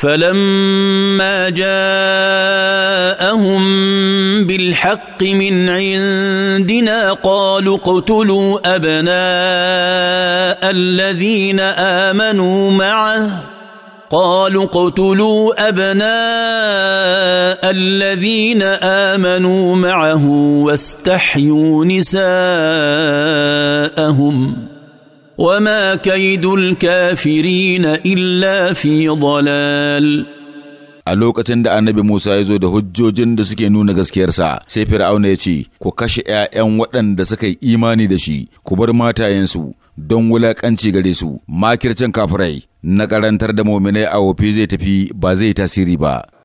فلما جاءهم بالحق من عندنا قالوا اقتلوا ابناء الذين امنوا معه قالوا اقتلوا ابناء الذين امنوا معه واستحيوا نساءهم وما كيد الكافرين إلا في ضلال a lokacin da annabi Musa ya zo da hujjojin da suke nuna gaskiyarsa sai Fir'auna ya ce ku kashe ‘ya'yan waɗanda suka yi imani da shi ku bar matayensu don wulaƙanci gare su makircin kafirai na karantar da muminai a wofi zai tafi ba zai tasiri ba